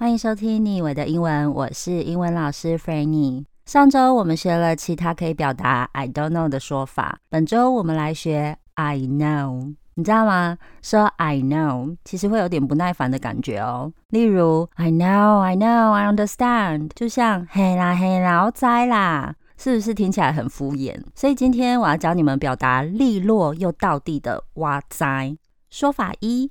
歡迎收聽你我的英文，我是英文老師 Frannie。上周我們學了其他可以表達 "I don't know" 的說法，本周我們來學 "I know"。你知道嗎？說 "I know" 其實會有點不耐煩的感覺哦。例如 "I know, I know, I understand"，就像嘿啦嘿啦哇哉啦，是不是聽起來很敷衍？所以今天我要教你們表達利落又道地的哇哉。說法一。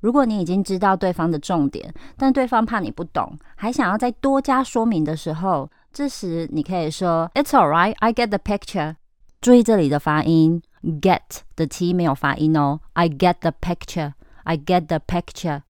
如果你已經知道對方的重點，但對方怕你不懂，還想要再多加說明的時候，這時你可以說 "It's alright, I get the picture。注意這裡的發音，get 的 t 沒有發音哦。I get the picture, I get the picture。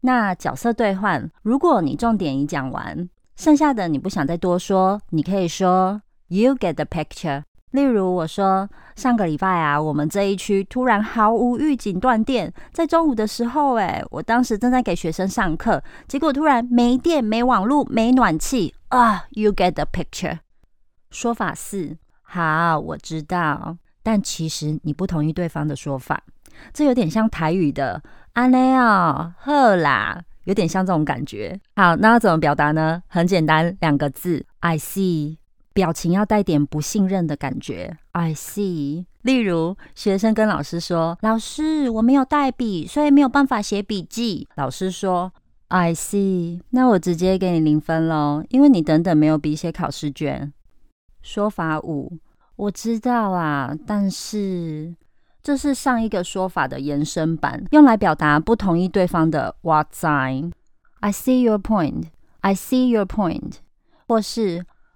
那角色對換，如果你重點已講完，剩下的你不想再多說，你可以說 "You get the picture。例如我說上個禮拜啊，我們這一區突然毫無預警斷電，在中午的時候，哎，我當時正在給學生上課，結果突然沒電、沒網路、沒暖氣啊。Oh, you get the picture？說法四，好，我知道，但其實你不同意對方的說法，這有點像台語的阿內、啊、哦，呵啦，有點像這種感覺。好，那要怎麼表達呢？很簡單，兩個字，I see。表情要帶點不信任的感覺。I see。例如，學生跟老師說：“老師，我沒有帶筆，所以沒有辦法寫筆記。”老師說：“I see。那我直接給你零分囉，因為你等等沒有筆寫考試卷。”說法五，我知道啦、啊，但是這是上一個說法的延伸版，用來表達不同意對方的。What sign? I see your point. I see your point. 或是。